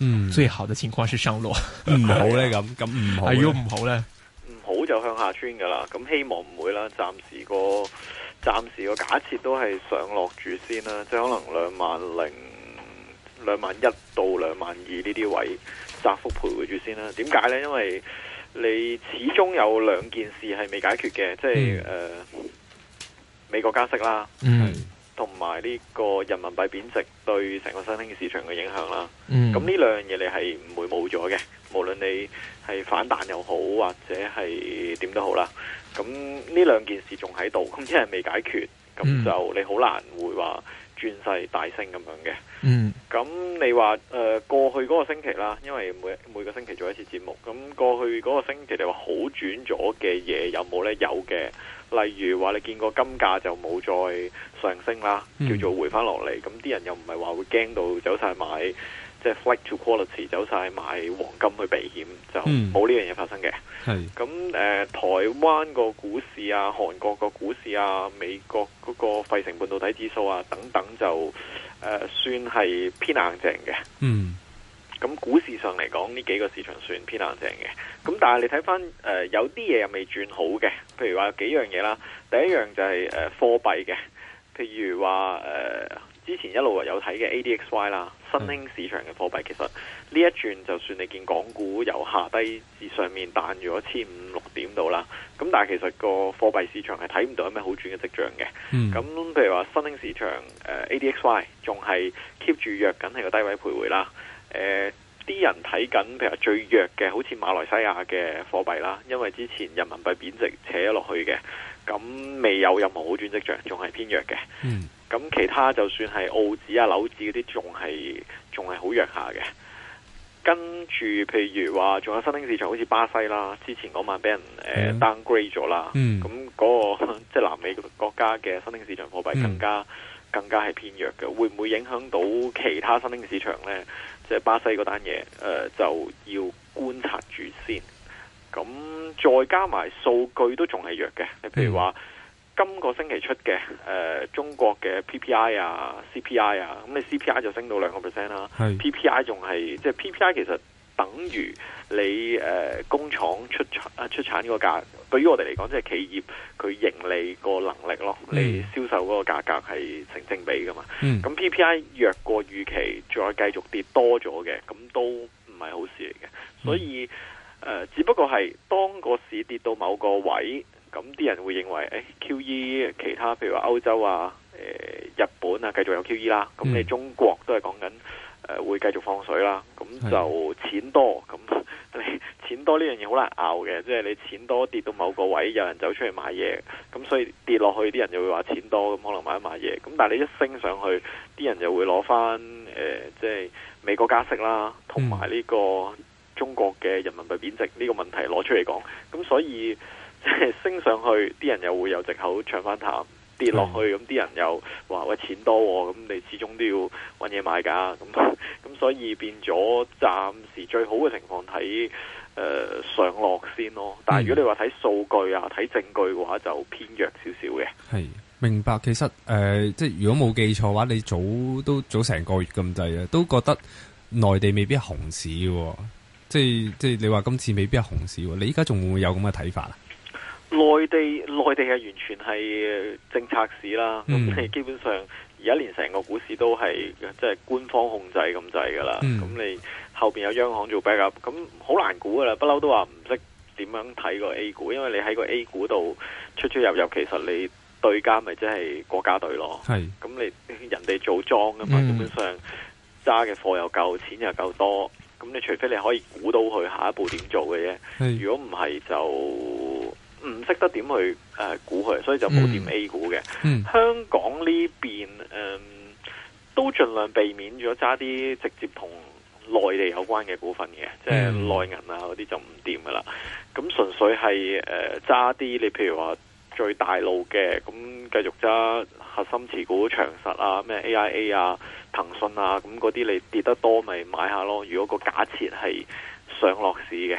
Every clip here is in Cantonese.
嗯，最好的情況是上落、嗯 唔好呢，唔好咧咁，咁、哎、唔，如果唔好咧，唔好就向下穿噶啦。咁希望唔會啦，暫時個，暫時個假設都係上落住先啦，即係可能兩萬零兩萬一到兩萬二呢啲位窄幅徘徊住先啦。點解咧？因為你始終有兩件事係未解決嘅，即係誒、呃，美國加息啦，嗯。同埋呢個人民幣貶值對成個新興市場嘅影響啦，咁、嗯、呢兩樣嘢你係唔會冇咗嘅。無論你係反彈又好，或者係點都好啦，咁呢兩件事仲喺度，咁即係未解決，咁就你好難會話，轉勢大升咁樣嘅，咁你話誒過去嗰個星期啦，因為每每個星期做一次節目，咁過去嗰個星期你話好轉咗嘅嘢有冇呢？有嘅，例如話你見過金價就冇再上升啦，叫做回翻落嚟，咁啲人又唔係話會驚到走曬買。即、就、係、是、flight to quality，走晒買黃金去避險，就冇呢樣嘢發生嘅。係咁誒，台灣個股市啊，韓國個股市啊，美國嗰個費城半導體指數啊，等等就誒、呃，算係偏硬淨嘅。嗯，咁股市上嚟講呢幾個市場算偏硬淨嘅。咁但係你睇翻誒，有啲嘢又未轉好嘅，譬如話幾樣嘢啦。第一樣就係誒貨幣嘅，譬如話誒。呃之前一路有睇嘅 ADXY 啦，新興市場嘅貨幣其實呢一轉，就算你見港股由下低至上面彈咗千五六點度啦，咁但係其實個貨幣市場係睇唔到有咩好轉嘅跡象嘅。咁、嗯、譬如話新興市場 ADXY 仲係 keep 住弱緊喺個低位徘徊啦。誒、呃，啲人睇緊譬如話最弱嘅，好似馬來西亞嘅貨幣啦，因為之前人民幣貶值扯咗落去嘅。咁未有任何好轉跡象，仲係偏弱嘅。咁、嗯、其他就算係澳紙啊、紐紙嗰啲，仲係仲係好弱下嘅。跟住，譬如話仲有新興市場，好似巴西啦，之前嗰晚俾人誒、嗯呃、downgrade 咗啦。咁、嗯、嗰、那個即係、就是、南美國家嘅新興市場貨幣更加、嗯、更加係偏弱嘅。會唔會影響到其他新興市場咧？即、就、係、是、巴西嗰單嘢，誒、呃，就要觀察住先。咁再加埋數據都仲係弱嘅，你譬如話、嗯、今個星期出嘅誒、呃，中國嘅 P P I 啊，C P I 啊，咁、啊、你 C P I 就升到兩個 percent 啦，P P I 仲係即係 P P I 其實等於你誒、呃、工廠出產呢出產個價，對於我哋嚟講即係企業佢盈利個能力咯，嗯、你銷售嗰個價格係成正比噶嘛，咁、嗯、P P I 弱過預期，再繼續跌多咗嘅，咁都唔係好事嚟嘅，所以。嗯誒、呃，只不過係當個市跌到某個位，咁啲人會認為誒、欸、QE 其他譬如話歐洲啊，誒、呃、日本啊，繼續有 QE 啦。咁、嗯、你中國都係講緊誒，會繼續放水啦。咁就錢多，咁你錢多呢樣嘢好難拗嘅，即係你錢多跌到某個位，有人走出去買嘢。咁所以跌落去啲人就會話錢多，咁可能買一買嘢。咁但係你一升上去，啲人就會攞翻誒，即係美國加息啦，同埋呢個。嗯中國嘅人民幣貶值呢、這個問題攞出嚟講，咁所以即係、就是、升上去，啲人又會有藉口搶反彈；跌落去，咁啲人又話：喂，錢多咁、哦，你始終都要搵嘢買㗎。咁咁，所以變咗暫時最好嘅情況睇誒、呃、上落先咯。但係如果你話睇數據啊、睇證據嘅話，就偏弱少少嘅。係明白，其實誒、呃，即係如果冇記錯嘅話，你早都早成個月咁滯啊，都覺得內地未必紅市嘅、哦。即係即係，你話今次未必係熊市，你依家仲會唔會有咁嘅睇法啊？內地內地係完全係政策市啦，咁、嗯、你基本上而家連成個股市都係即係官方控制咁滯噶啦，咁、嗯、你後邊有央行做 backup，咁好難估噶啦。說不嬲都話唔識點樣睇個 A 股。因為你喺個 A 股度出出入入，其實你對家咪即係國家隊咯，係咁你人哋做莊噶嘛、嗯，基本上揸嘅貨又夠，錢又夠多。咁你除非你可以估到佢下一步點做嘅啫，如果唔係就唔識得點去、呃、估佢，所以就冇掂 A 股嘅、嗯嗯。香港呢邊誒都盡量避免咗揸啲直接同內地有關嘅股份嘅、嗯，即係內銀啊嗰啲就唔掂噶啦。咁純粹係誒揸啲，你譬如話，最大路嘅，咁繼續揸核心持股長實啊，咩 AIA 啊、騰訊啊，咁嗰啲你跌得多咪買一下咯。如果個假設係上落市嘅，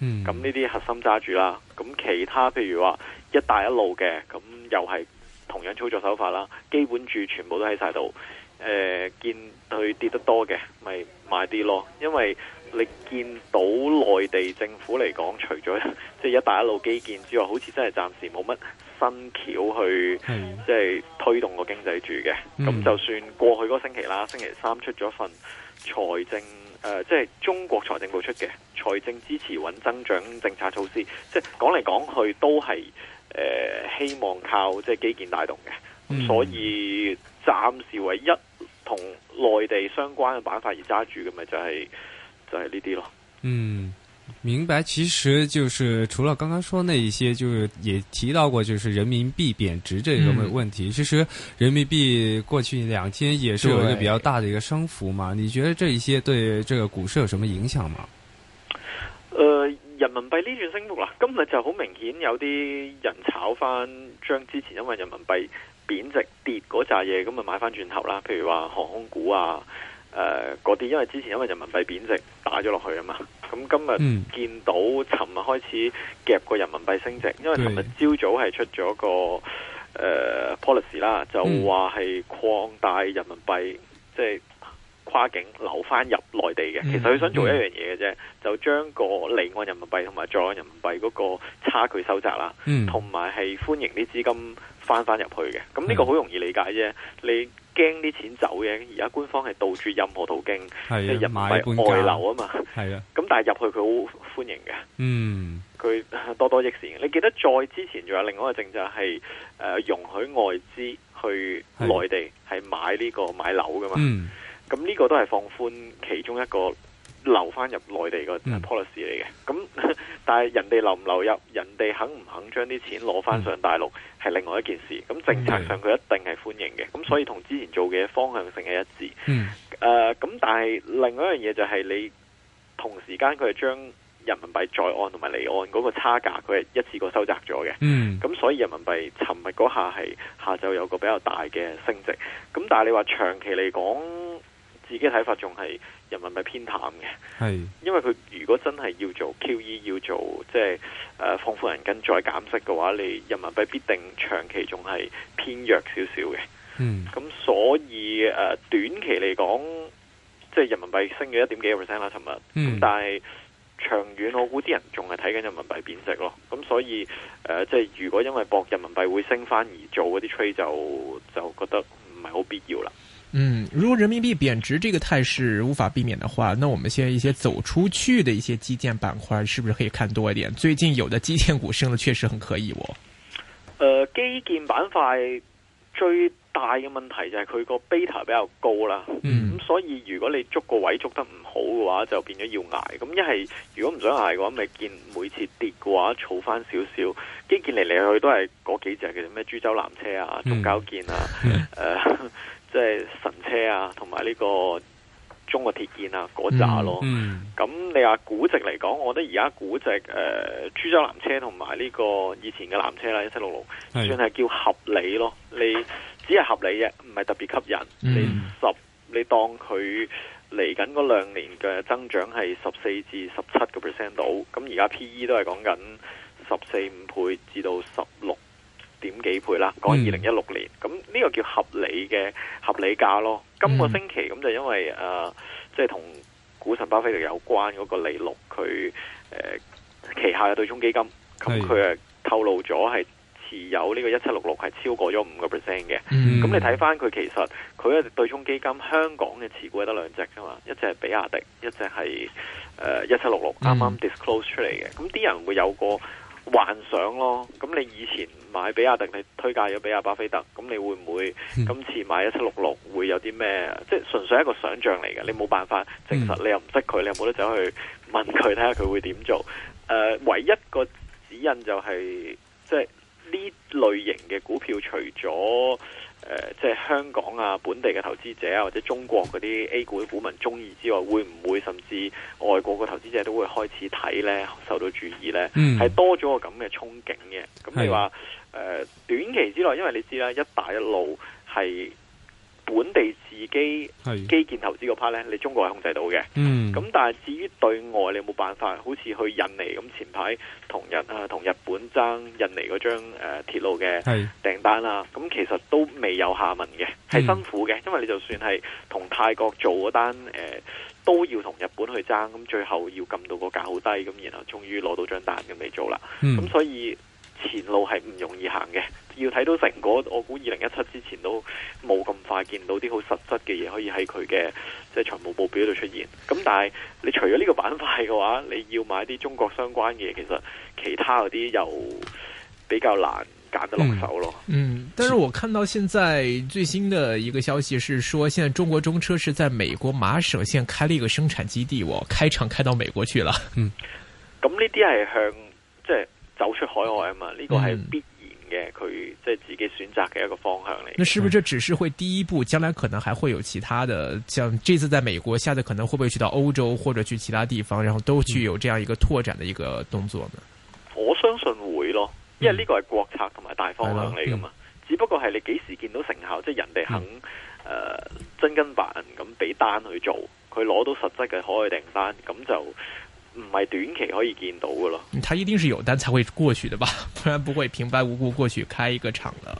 咁呢啲核心揸住啦。咁其他譬如話一帶一路嘅，咁又係同樣操作手法啦。基本住全部都喺晒度，誒、呃、見佢跌得多嘅咪買啲咯，因為。你見到內地政府嚟講，除咗即係一帶一路基建之外，好似真係暫時冇乜新橋去即係、就是、推動個經濟住嘅。咁、嗯、就算過去嗰星期啦，星期三出咗份財政誒，即、呃、係、就是、中國財政部出嘅財政支持穩增長政策措施，即、就、係、是、講嚟講去都係誒、呃、希望靠即係、就是、基建帶動嘅。咁、嗯、所以暫時唯一同內地相關嘅板塊而揸住嘅咪就係、是。就係呢啲咯。嗯，明白。其實就是除了剛剛說那一些，就是也提到過，就是人民幣貶值這個問題，嗯。其實人民幣過去兩天也是有一個比較大的一個升幅嘛。你覺得這一些對這個股市有什麼影響嗎？誒、呃，人民幣呢段升幅啦，今日就好明顯有啲人炒翻，將之前因為人民幣貶值跌嗰扎嘢咁啊買翻轉頭啦。譬如話航空股啊。誒嗰啲，因為之前因為人民幣貶值打咗落去啊嘛，咁今日、嗯、見到尋日開始夾個人民幣升值，因為尋日朝早係出咗個誒、呃、policy 啦，就話係擴大人民幣即係、嗯、跨境流翻入內地嘅、嗯。其實佢想做一樣嘢嘅啫，就將個離岸人民幣同埋在岸人民幣嗰個差距收窄啦，同埋係歡迎啲資金翻翻入去嘅。咁呢個好容易理解啫，你。驚啲錢走嘅，而家官方係杜絕任何途徑，即係入唔係外樓啊嘛。係啊，咁但係入去佢好歡迎嘅。嗯，佢多多益善。你記得再之前仲有另外一個政策係誒，容許外資去內地係買呢個買樓噶嘛？嗯，咁呢個都係放寬其中一個留翻入內地個 policy 嚟、嗯、嘅，咁但係人哋留唔流入，人哋肯唔肯將啲錢攞翻上大陸係、嗯、另外一件事。咁政策上佢一定係歡迎嘅，咁、嗯、所以同之前做嘅方向性係一致。咁、嗯呃、但係另外一樣嘢就係你同時間佢係將人民幣在岸同埋離岸嗰個差價，佢係一次過收窄咗嘅。咁、嗯、所以人民幣尋日嗰下係下晝有個比較大嘅升值。咁但係你話長期嚟講？自己睇法仲係人民幣偏淡嘅，係因為佢如果真係要做 QE 要做即係、就是呃、放寬銀根再減息嘅話，你人民幣必定長期仲係偏弱少少嘅。嗯，咁所以、呃、短期嚟講，即、就、係、是、人民幣升咗一點幾個 percent 啦，尋日。咁、嗯、但係長遠我估啲人仲係睇緊人民幣貶值咯。咁所以即係、呃就是、如果因為博人民幣會升翻而做嗰啲 trade 就就覺得唔係好必要啦。嗯，如果人民幣貶值這個態勢無法避免的話，那我們現在一些走出去的一些基建板塊，是不是可以看多一點？最近有的基建股升得確實很可以。我，呃、基建板塊最大嘅問題就係佢個 beta 比較高啦。咁、嗯嗯、所以如果你捉個位捉得唔好嘅話，就變咗要捱。咁一係如果唔想捱嘅話，咪見每次跌嘅話，儲翻少少基建嚟嚟去去都係嗰幾隻嘅，咩株洲南車啊、中、嗯、交建啊，嗯呃嗯即係神車啊，同埋呢個中國鐵建啊，嗰扎咯。咁、嗯嗯、你話估值嚟講，我覺得而家估值誒，株、呃、洲南車同埋呢個以前嘅南車啦，一七六六，算係叫合理咯。你只係合理嘅，唔係特別吸引、嗯。你十，你當佢嚟緊嗰兩年嘅增長係十四至十七個 percent 度，咁而家 P E 都係講緊十四五倍至到十六。點幾倍啦？講二零一六年，咁、嗯、呢個叫合理嘅合理價咯。今個星期咁、嗯、就因為誒，即係同股神巴菲特有關嗰個李錄佢誒旗下嘅對沖基金，咁佢誒透露咗係持有呢個一七六六係超過咗五個 percent 嘅。咁、嗯、你睇翻佢其實佢嘅對沖基金香港嘅持股係得兩隻噶嘛？一隻係比亞迪，一隻係誒一七六六，啱、呃、啱、嗯、disclose 出嚟嘅。咁啲人會有個。幻想咯，咁你以前買比亞迪，你推介咗比亞巴菲特，咁你會唔會今次買一七六六會有啲咩？即係純粹一個想像嚟嘅，你冇辦法證實，你又唔識佢，你又冇得走去問佢睇下佢會點做、呃。唯一個指引就係、是，即係呢類型嘅股票除咗。誒、呃，即係香港啊，本地嘅投資者啊，或者中國嗰啲 A 股股民中意之外，會唔會甚至外國嘅投資者都會開始睇呢？受到注意呢？係、嗯、多咗個咁嘅憧憬嘅。咁你話誒、呃，短期之內，因為你知啦，一帶一路係。本地自己基建投資嗰 part 咧，你中國係控制到嘅。咁、嗯、但係至於對外，你有冇辦法？好似去印尼咁，前排同日同日本爭印尼嗰張誒鐵路嘅訂單啦，咁其實都未有下文嘅，係辛苦嘅、嗯。因為你就算係同泰國做嗰單誒、呃、都要同日本去爭，咁最後要撳到個價好低，咁然後終於攞到張單咁嚟做啦。咁、嗯、所以。前路係唔容易行嘅，要睇到成果。我估二零一七之前都冇咁快見到啲好實質嘅嘢，可以喺佢嘅即係財務報表度出現。咁但係你除咗呢個板塊嘅話，你要買啲中國相關嘅嘢，其實其他嗰啲又比較難揀得落手咯嗯。嗯，但是我看到現在最新的一個消息是說，現在中國中車是在美國馬省縣開了一個生產基地，我開廠開到美國去了。嗯，咁呢啲係向即係。走出海外啊嘛，呢個係必然嘅，佢即係自己選擇嘅一個方向嚟。咁係咪這只是會第一步？將來可能還會有其他的，像這次在美國，下次可能會不會去到歐洲或者去其他地方，然後都去有這樣一個拓展嘅一個動作呢？我相信會咯，因為呢個係國策同埋大方向嚟噶嘛、嗯，只不過係你幾時見到成效，即係人哋肯誒、嗯呃、真金白銀咁俾單去做，佢攞到實質嘅海外訂單，咁就。唔係短期可以見到噶咯，佢、嗯、一定是有單才會過去的吧， 不然不會平白無故過去開一個場的。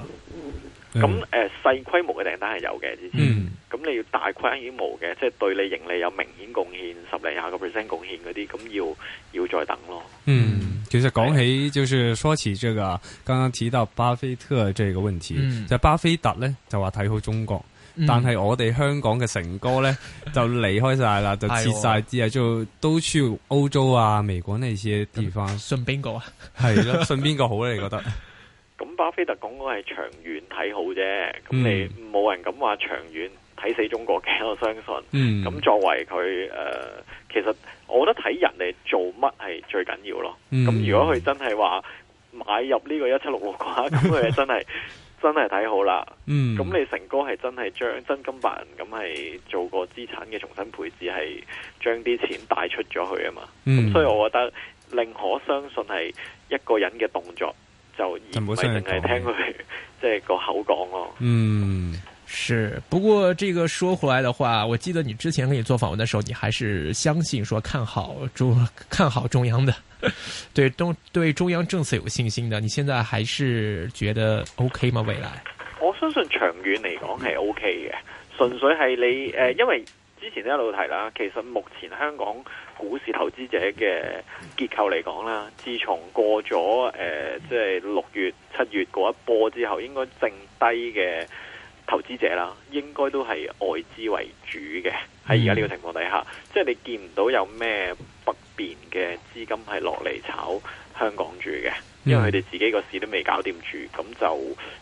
咁誒，細規模嘅訂單係有嘅，嗯。咁你要大規模嘅，即係對你盈利有明顯貢獻，十零廿個 percent 貢獻嗰啲，咁要要再等咯。嗯，其實講起，就是說起這個，剛剛提到巴菲特這個問題，就、嗯、巴菲特咧就話睇好中國。嗯、但係我哋香港嘅成哥呢，就離開晒啦， 就撤晒之啊，做都去歐洲啊、美國呢啲地方。信邊個啊？係咯，信邊個好呢 你覺得？咁巴菲特講我係長遠睇好啫，咁、嗯、你冇人敢話長遠睇死中國嘅，我相信。咁、嗯、作為佢誒、呃，其實我覺得睇人哋做乜係最緊要咯。咁、嗯、如果佢真係話買入呢個一七六六嘅話，咁 佢真係。 真係睇好啦，咁、嗯、你成哥係真係將真金白銀咁係做過資產嘅重新配置，係將啲錢帶出咗去啊嘛，咁、嗯、所以我覺得寧可相信係一個人嘅動作，就唔係淨係聽佢即係個口講咯。嗯是，不過這個說回來的話，我記得你之前跟你做訪問的時候，你還是相信說看好中，看好中央的， 對中對中央政策有信心的。你現在還是覺得 OK 嗎？未來？我相信長遠嚟講係 OK 嘅，純粹係你誒、呃，因為之前一路提啦，其實目前香港股市投資者嘅結構嚟講啦，自從過咗誒即係六月七月嗰一波之後，應該剩低嘅，投資者啦，應該都係外資為主嘅。喺而家呢個情況底下，即係你見唔到有咩北邊嘅資金係落嚟炒香港住嘅，因為佢哋自己個市都未搞掂住，咁就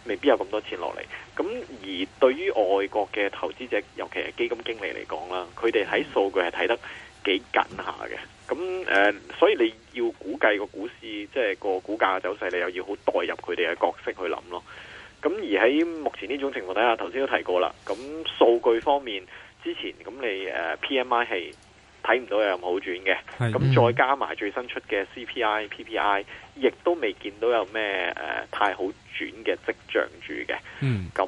未必有咁多錢落嚟。咁而對於外國嘅投資者，尤其係基金經理嚟講啦，佢哋喺數據係睇得幾緊下嘅。咁誒、嗯，所以你要估計個股市，即係個股價嘅走勢，你又要好代入佢哋嘅角色去諗咯。咁而喺目前呢種情況底下，頭先都提過啦。咁數據方面，之前咁你 P M I 係睇唔到有冇好轉嘅。咁、嗯、再加埋最新出嘅 C P I、P P I，亦都未見到有咩、uh，太好轉嘅跡象住嘅。嗯。咁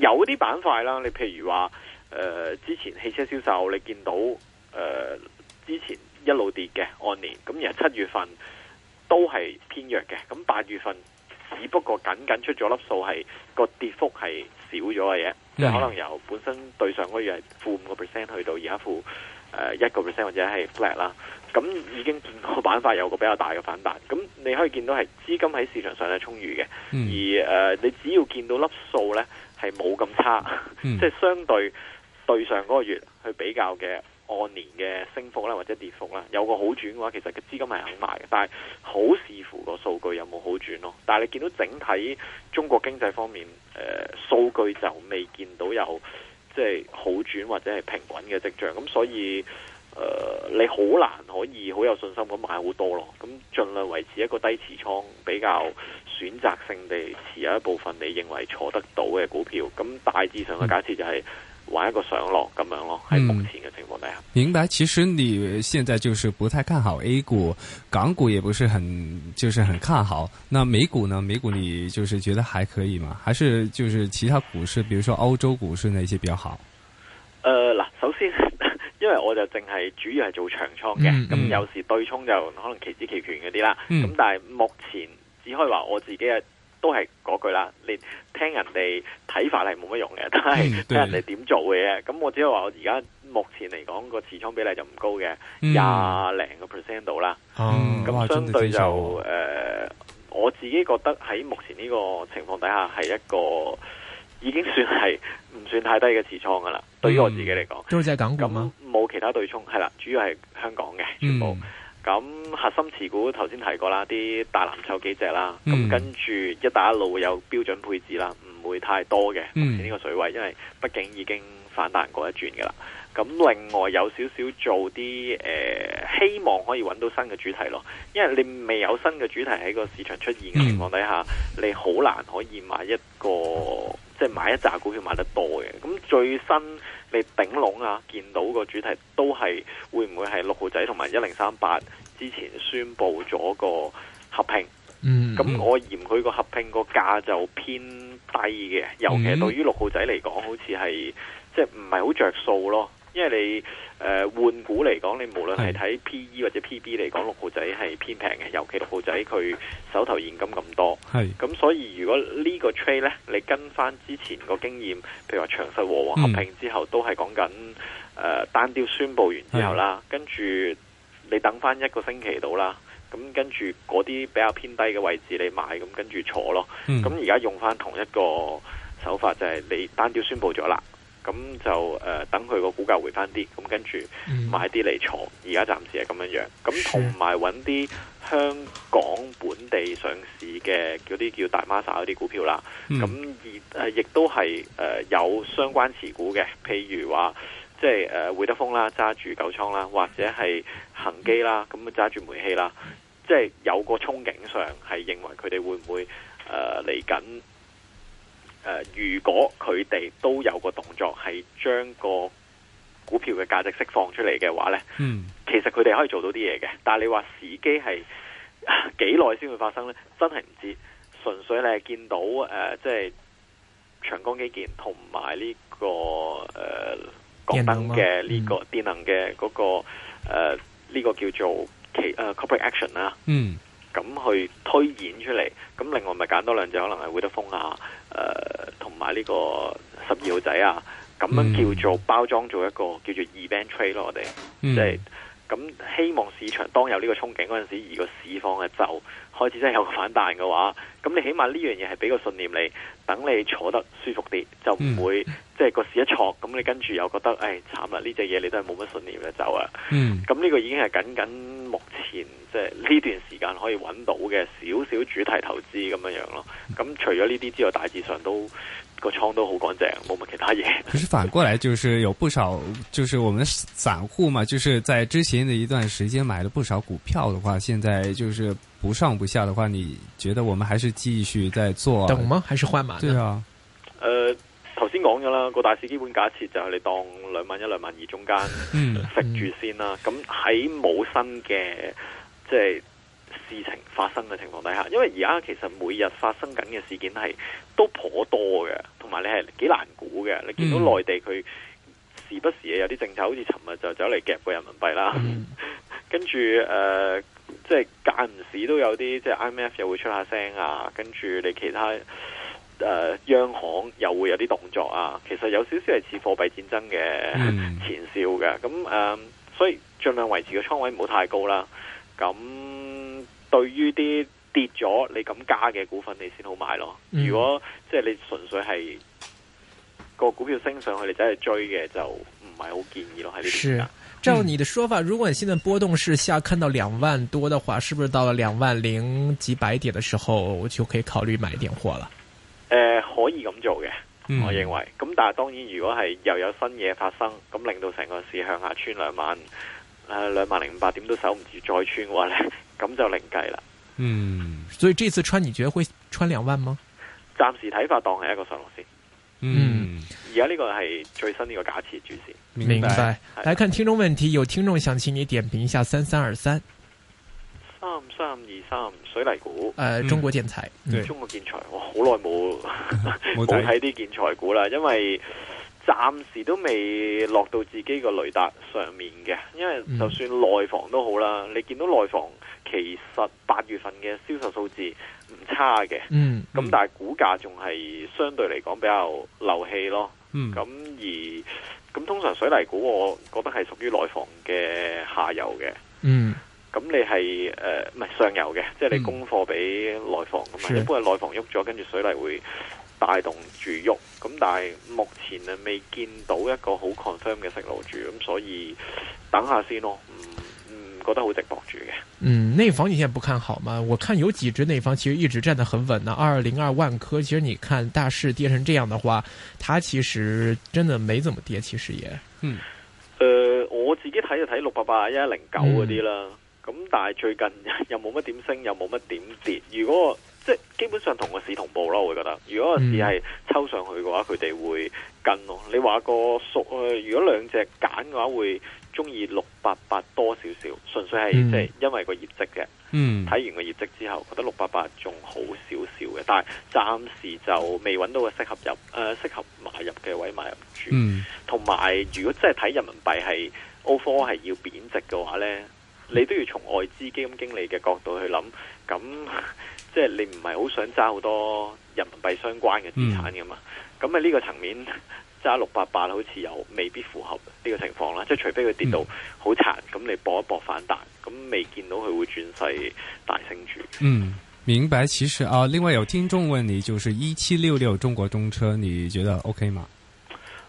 有啲板塊啦，你譬如話、呃、之前汽車銷售你見到、呃、之前一路跌嘅按年，咁而係七月份都係偏弱嘅。咁八月份。只不過僅僅出咗粒數，係個跌幅係少咗嘅嘢，即、yeah. 係可能由本身對上個月係負五個 percent 去到而家負誒一個 percent 或者係 flat 啦，咁已經見到個板塊有個比較大嘅反彈。咁你可以見到係資金喺市場上係充裕嘅，mm. 而誒、呃、你只要見到粒數咧係冇咁差，即、mm. 係相對對上個月去比較嘅。按年嘅升幅啦或者跌幅啦，有個好轉嘅話，其實個資金係肯買嘅，但係好視乎個數據有冇好轉咯。但係你見到整體中國經濟方面，呃、數據就未見到有即係好轉或者係平穩嘅跡象，咁所以誒、呃、你好難可以好有信心咁買好多咯。咁盡量維持一個低持倉比較選擇性地持有一部分你認為坐得到嘅股票。咁大致上嘅假設就係、是。玩一個上落咁樣咯，喺、嗯、目前嘅情況底下。明白，其實你現在就是不太看好 A 股，港股也不是很，就是很看好。那美股呢？美股你就是覺得還可以嗎？還是就是其他股市，比如說歐洲股市那些比較好？呃，嗱，首先，因為我就淨係主要係做長倉嘅，咁、嗯嗯、有時對沖就可能期指期權嗰啲啦。咁、嗯、但係目前只可以話我自己嘅。都係嗰句啦，你聽人哋睇法係冇乜用嘅，但係睇、嗯、人哋點做嘅。咁我只係話，我而家目前嚟講個持倉比例就唔高嘅，廿、嗯、零個 percent 度啦。咁、啊嗯、相對就誒、呃，我自己覺得喺目前呢個情況底下係一個已經算係唔算太低嘅持倉噶啦。對於、嗯、我自己嚟講，都係等咁嘛，冇其他對沖，係、嗯、啦，主要係香港嘅全部。嗯咁核心持股，頭先提過啦，啲大藍籌幾隻啦，咁、嗯、跟住一帶一路有標準配置啦，唔會太多嘅，目前呢個水位，因為畢竟已經反彈過一轉嘅啦。咁另外有少少做啲誒、呃，希望可以揾到新嘅主題咯，因為你未有新嘅主題喺個市場出現嘅、嗯、情況底下，你好難可以買一個，即、就、係、是、買一扎股票買得多嘅。咁最新。你頂籠啊，見到個主題都係會唔會係六號仔同埋一零三八之前宣布咗個合併？嗯，咁、嗯、我嫌佢個合併個價就偏低嘅，尤其對於六號仔嚟講，好似係即係唔係好着數咯。因為你誒換、呃、股嚟講，你無論係睇 P E 或者 P B 嚟講，六號仔係偏平嘅，尤其六號仔佢手頭現金咁多，咁所以如果個呢個 trade 咧，你跟翻之前個經驗，譬如話長實和黃合併之後，嗯、都係講緊誒單掉宣布完之後啦，跟住你等翻一個星期到啦，咁跟住嗰啲比較偏低嘅位置你買，咁跟住坐咯，咁而家用翻同一個手法就係、是、你單掉宣布咗啦。咁就誒、呃、等佢個股價回翻啲，咁跟住買啲嚟藏。而家暫時係咁樣樣，咁同埋揾啲香港本地上市嘅嗰啲叫大孖沙嗰啲股票啦。咁而亦都係誒、呃、有相關持股嘅，譬如話即係誒會德豐啦，揸住九倉啦，或者係恒基啦，咁揸住煤氣啦，即係有個憧憬上係認為佢哋會唔會誒嚟緊。呃誒、呃，如果佢哋都有個動作，係將個股票嘅價值釋放出嚟嘅話咧，嗯，其實佢哋可以做到啲嘢嘅。但係你話時機係幾耐先會發生咧？真係唔知道。純粹你係見到誒、呃，即係長江基建同埋呢個誒港燈嘅呢個、嗯、電能嘅嗰、那個誒呢、呃、這個叫做企誒、呃、corporate action 啦。嗯。咁去推演出嚟，咁另外咪揀多兩隻可能係會德豐啊，誒、呃，同埋呢個十二號仔啊，咁樣叫做包裝做一個叫做 event trade 咯，我、嗯、哋，即、就、係、是，咁希望市場當有呢個憧憬嗰陣時，而個市況嘅走開始真係有個反彈嘅話，咁你起碼呢樣嘢係俾個信念你，等你坐得舒服啲，就唔會即係個市一挫，咁你跟住又覺得，誒，慘啊，呢隻嘢你都係冇乜信念嘅走啊，咁、嗯、呢個已經係僅僅目前。即係呢段時間可以揾到嘅少少主題投資咁樣樣咯。咁除咗呢啲之外，大致上都個倉都好乾淨，冇乜其他嘢。其實反過來，就是有不少， 就是我們散戶嘛，就是在之前的一段時間買了不少股票的話，現在就是不上不下的話，你覺得我們還是繼續在做、啊？等嗎？還是換馬、啊？對啊。誒、呃，頭先講咗啦，個大市基本假設就係你當兩萬一、兩萬二中間、啊，食住先啦。咁喺冇新嘅。即係事情發生嘅情況底下，因為而家其實每日發生緊嘅事件係都頗多嘅，同埋你係幾難估嘅。你見到內地佢時不時有啲政策，好似尋日就走嚟夾過人民幣啦，嗯、跟住誒、呃就是，即係間唔時都有啲，即係 IMF 又會出下聲啊，跟住你其他誒、呃、央行又會有啲動作啊。其實有少少係似貨幣戰爭嘅前兆嘅，咁、嗯、誒、呃，所以盡量維持個倉位唔好太高啦。咁對於啲跌咗你咁加嘅股份，你先好買咯。嗯、如果即係你純粹係個股票升上去，你真係追嘅，就唔係好建議咯。喺呢度。啊照你的說法、嗯，如果你現在波動市下看到兩萬多的話，是不是到了兩萬零幾百點的時候就可以考慮買點貨啦？誒、呃，可以咁做嘅、嗯，我認為。咁但係當然，如果係又有新嘢發生，咁令到成個市向下穿兩萬。誒、呃，兩萬零五百點都守唔住，再穿嘅話咧，咁 就另計啦。嗯，所以這次穿你覺得會穿兩萬嗎？暫時睇法，當係一個上落先。嗯，而家呢個係最新呢個假設主線。明白。明白來看聽眾問題，有聽眾想請你點評一下三三二三。三三二三水泥股，誒、呃，中國建材。嗯、中國建材，我好耐冇冇睇啲建材股啦，因為。暫時都未落到自己個雷達上面嘅，因為就算內房都好啦，嗯，你見到內房其實八月份嘅銷售數字唔差嘅，咁、嗯嗯，但係股價仲係相對嚟講比較漏氣咯。咁、嗯、而咁通常水泥股，我覺得係屬於內房嘅下游嘅。咁、嗯、你係誒唔係上游嘅，即係你供貨俾內房咁嘛，嗯，一般係內房喐咗，跟住水泥會帶動住喐，咁但係目前啊未見到一個好 confirm 嘅食路住，咁所以等下先咯，唔覺得好值搏住嘅。嗯，內、嗯、房你現在不看好嘛？我看有幾隻內房其實一直站得很穩啊，二零二萬科，其實你看大市跌成這樣的話，它其實真的沒怎麼跌，其實也嗯，誒、呃，我自己睇就睇六八八一一零九嗰啲啦，咁、嗯、但係最近又冇乜點升，又冇乜點跌，如果。即係基本上同個市同步咯。我會覺得，如果個市係抽上去嘅話，佢、嗯、哋會跟咯、啊。你話個熟誒，如果兩隻揀嘅話，會中意六八八多少少，純粹係即係因為個業績嘅。嗯，睇完個業績之後，覺得六八八仲好少少嘅，但係暫時就未搵到個適合入誒適、呃、合買入嘅位置買入住。同、嗯、埋如果真係睇人民幣係 overall 係要貶值嘅話咧，你都要從外資基金經理嘅角度去諗咁。即係你唔係好想揸好多人民幣相關嘅資產噶嘛？咁喺呢個層面揸六八八好似又未必符合呢個情況啦。即係除非佢跌到好殘，咁、嗯、你搏一搏反彈，咁未見到佢會轉勢大升住。嗯，明白。其實啊，另外有聽眾問你，就是一七六六中國中車，你覺得 OK 嗎？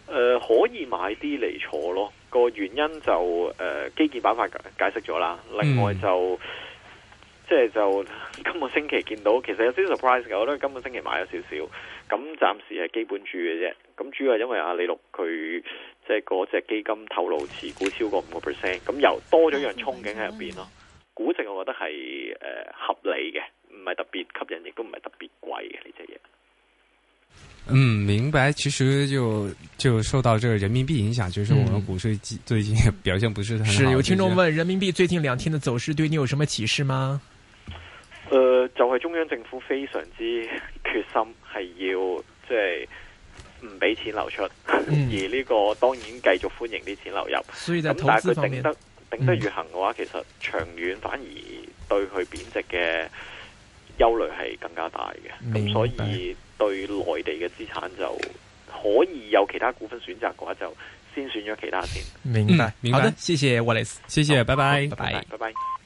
呃、可以買啲嚟坐咯。個原因就誒、呃、基建板塊解釋咗啦。另外就。嗯即係就今個星期見到，其實有少少 surprise 嘅，我咧今個星期買咗少少，咁暫時係基本住嘅啫。咁主要係因為阿李六佢即係嗰隻基金透露持股超過五個 percent，咁又多咗樣憧憬喺入邊咯。估值我覺得係誒、呃、合理嘅，唔係特別吸引，亦都唔係特別貴嘅呢隻嘢。嗯，明白。其實就就受到這個人民幣影響，就是我們股市最近表現不是很好。好、嗯。有聽眾問，人民幣最近兩天的走勢對你有什麼啟示嗎？係中央政府非常之決心，係要即係唔俾錢流出，嗯、而呢個當然繼續歡迎啲錢流入。咁但係佢頂得頂得越行嘅話、嗯，其實長遠反而對佢貶值嘅憂慮係更加大嘅。咁所以對內地嘅資產就可以有其他股份選擇嘅話，就先選咗其他先、嗯。明白，好的，謝謝 Wallace，謝謝，拜、拜、拜、拜，拜拜，拜拜。